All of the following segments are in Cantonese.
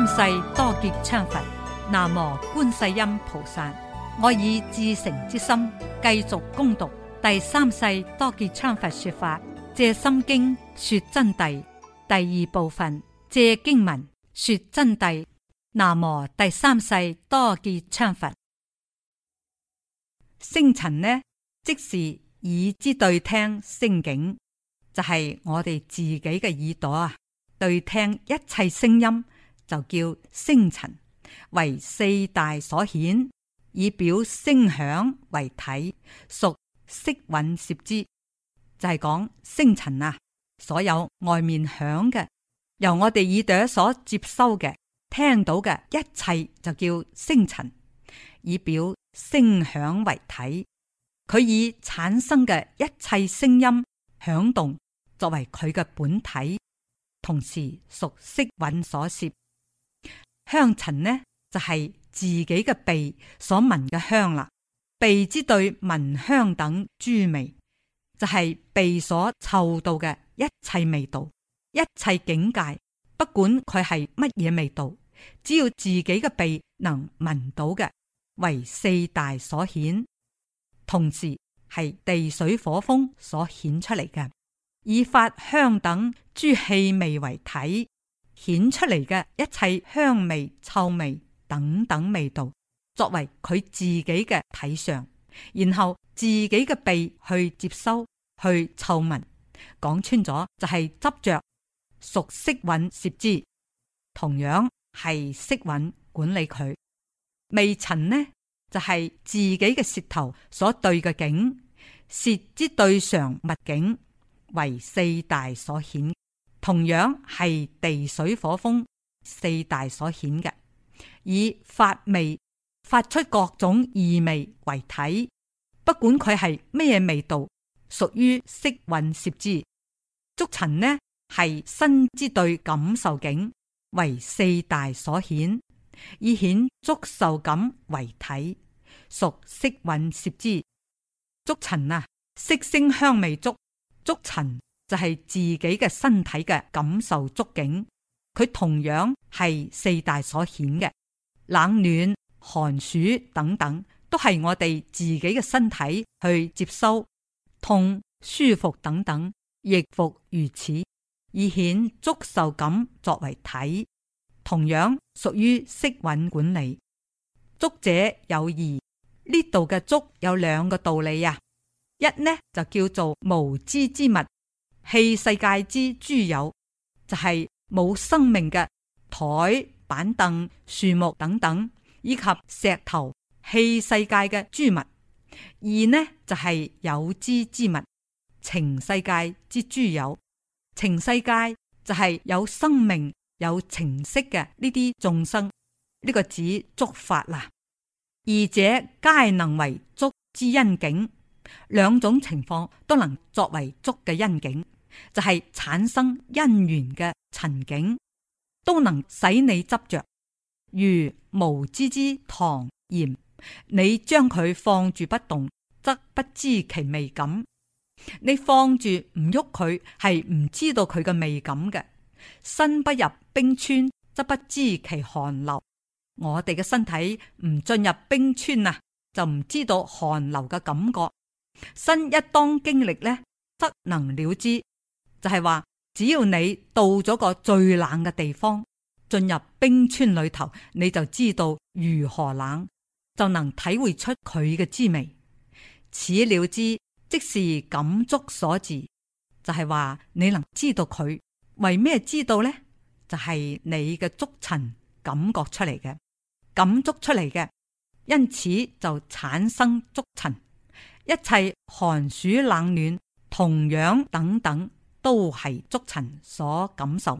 三世多杰羌佛，南無觀世音菩薩。我以至誠之心繼續攻讀第三世多杰羌佛說法《藉心經》說真諦第二部分《藉經文說真諦》，南無第三世多杰羌佛。聲塵呢，即是耳之對聽聲境，就係、是、我哋自己嘅耳朵啊，對聽一切聲音。就叫聲塵，為四大所顯，以表聲響為體，屬色蘊攝之。就係講聲塵啊，所有外面響嘅，由我哋耳朵所接收嘅、聽到嘅一切，就叫聲塵，以表聲響為體。佢以產生嘅一切聲音響動作為佢嘅本體，同時屬色蘊所攝。香塵呢就係、是、自己嘅鼻所聞嘅香啦，鼻之對聞香等諸味，就係、是、鼻所嗅到嘅一切味道，一切境界，不管佢係乜嘢味道，只要自己嘅鼻能聞到嘅，為四大所顯，同時係地水火風所顯出嚟嘅，以發香等諸氣味為體。顯出嚟嘅一切香味、臭味等等味道，作為佢自己嘅體相，然後自己嘅鼻去接收、去嗅聞。講穿咗，就係執着、熟悉、揾舌知，同樣係識揾管理佢。未曾呢就係、是、自己嘅舌頭所對嘅景，舌之對上物景，為四大所顯。同樣係地水火風四大所顯嘅，以發味發出各種異味為體，不管佢係咩嘢味道，屬於色蘊攝之。觸塵呢係身之對感受境，為四大所顯，以顯觸受感為體，屬色蘊攝之。觸塵啊，色聲香味觸，觸塵。就係自己嘅身體嘅感受觸境，佢同樣係四大所顯嘅冷暖寒暑等等，都係我哋自己嘅身體去接收痛舒服等等，亦復如此，以顯觸受感作為體，同樣屬於色蘊管理。觸者有二，呢度嘅觸有兩個道理呀、啊：一呢就叫做無知之物。器世界之諸有，就係、是、冇生命嘅台、板凳、樹木等等，以及石頭器世界嘅諸物；而呢就係、是、有知之，之物，情世界之諸有，情世界就係有生命、有情色嘅呢啲眾生。呢、這個指作法啦，二者皆能為作之恩境。兩種情況都能作為足嘅因境，就係、是、產生因緣嘅塵境，都能使你執着。如無知之糖鹽，你將佢放住不動，則不知其味感；你放住唔喐佢，係唔知道佢嘅味感嘅。身不入冰川，則不知其寒流。我哋嘅身體唔進入冰川啊，就唔知道寒流嘅感覺。新一當經歷呢，則能了知，就係、是、話只要你到咗個最冷嘅地方，進入冰川裏頭，你就知道如何冷，就能體會出佢嘅滋味。此了知，即是感觸所致，就係、是、話你能知道佢為咩知道呢？就係、是、你嘅觸塵感覺出嚟嘅，感觸出嚟嘅，因此就產生觸塵。一切寒暑冷暖，同樣等等，都係觸塵所感受，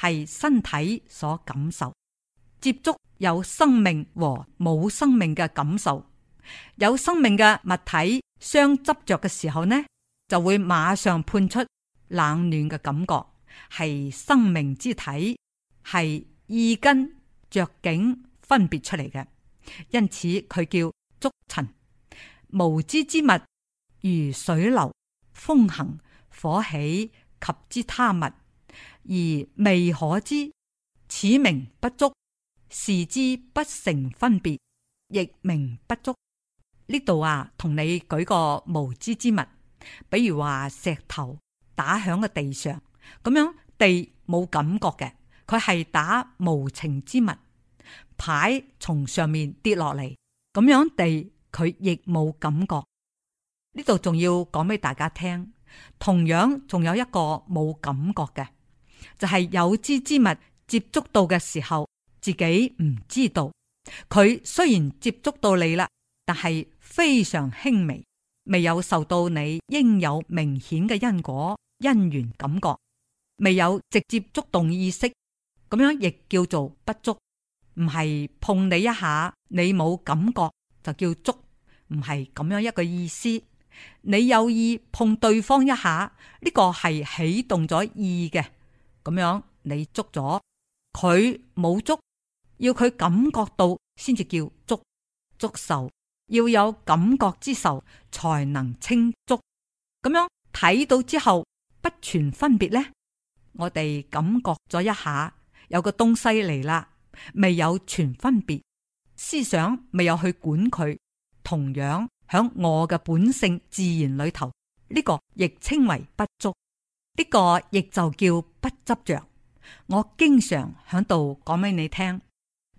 係身體所感受，接觸有生命和冇生命嘅感受，有生命嘅物體相執着嘅時候呢，就會馬上判出冷暖嘅感覺，係生命之體，係意根着境分別出嚟嘅，因此佢叫觸塵。無知之物，如水流、風行、火起及之他物，而未可知。此名不足，視之不成分別，亦名不足。呢度啊，同你舉個無知之物，比如話石頭打響個地上，咁樣地冇感覺嘅，佢係打無情之物。牌從上面跌落嚟，咁樣地。佢亦冇感覺，呢度仲要講俾大家聽。同樣仲有一個冇感覺嘅，就係有知之物接觸到嘅時候，自己唔知道。佢雖然接觸到你啦，但係非常輕微，未有受到你應有明顯嘅因果因緣感覺，未有直接觸動意識，咁樣亦叫做不觸，唔係碰你一下，你冇感覺就叫觸。唔係咁樣一個意思，你有意碰對方一下，呢個係起動咗意嘅。咁樣你捉咗佢冇捉，要佢感覺到先至叫捉捉受，要有感覺之受才能清捉。咁樣睇到之後不全分別呢？我哋感覺咗一下有個東西嚟啦，未有全分別，思想未有去管佢。同樣喺我嘅本性自然裏頭，呢個亦稱為不足，呢個亦就叫不執着。我經常喺度講俾你聽，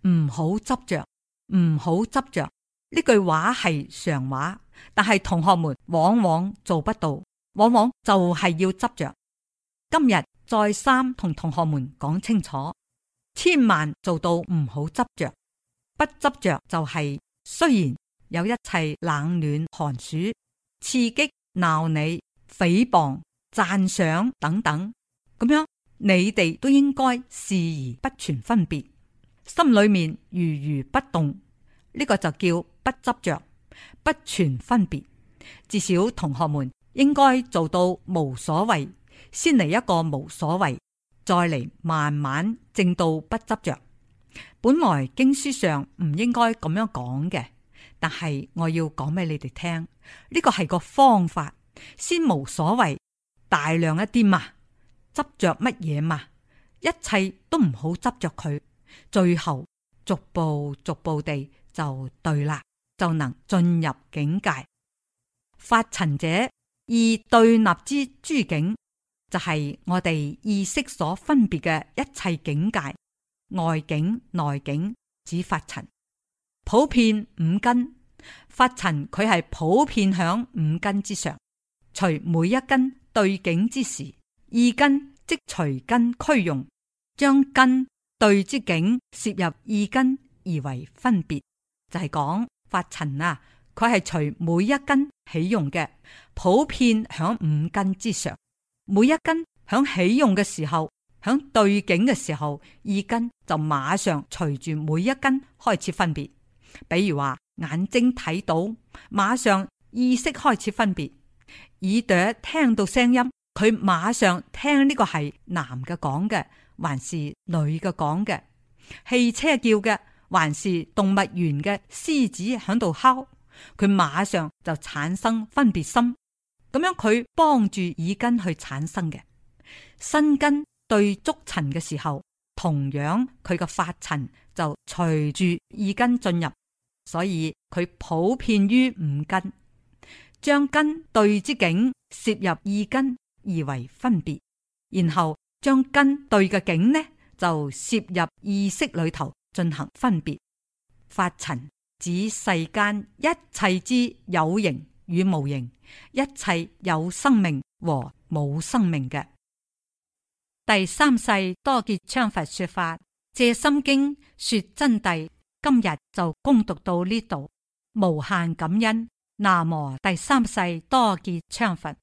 唔好執着，唔好執着。呢句話係常話，但係同學們往往做不到，往往就係要執着。今日再三同同學們講清楚，千萬做到唔好執着，不執着就係雖然。有一切冷暖寒暑刺激鬧你誹謗讚賞等等咁樣，你哋都應該視而不存分別，心裏面如如不動，呢個就叫不執着，不存分別。至少同學們應該做到無所謂，先嚟一個無所謂，再嚟慢慢正到不執着。本來經書上唔應該咁樣講嘅。但係我要講俾你哋聽，呢、這個係個方法，先無所謂大量一啲嘛，執着乜嘢嘛，一切都唔好執着佢，最後逐步逐步地就對啦，就能進入境界。法塵者而對立之諸境，就係、是、我哋意識所分別嘅一切境界，外境、內境，指法塵。普遍五根法塵，佢係普遍響五根之上。隨每一根對境之時，二根即隨根驅用，將根對之境攝入二根而為分別。就係講法塵啊，佢係隨每一根起用嘅，普遍響五根之上。每一根響起用嘅時候，響對境嘅時候，二根就馬上隨住每一根開始分別。比如話眼睛睇到，馬上意識開始分別；耳朵聽到聲音，佢馬上聽呢個係男嘅講嘅，還是女嘅講嘅；汽車叫嘅，還是動物園嘅獅子響度敲，佢馬上就產生分別心。咁樣佢幫助耳根去產生嘅。身根對觸塵嘅時候，同樣佢嘅發塵就隨住耳根進入。所以佢普遍於五根，將根對之境攝入意根而為分別，然後將根對嘅境呢就攝入意識裏頭進行分別。法塵指世間一切之有形與無形，一切有生命和冇生命嘅。第三世多杰羌佛說法，借心經說真諦。今日就恭讀到呢度，無限感恩。南無第三世多杰羌佛。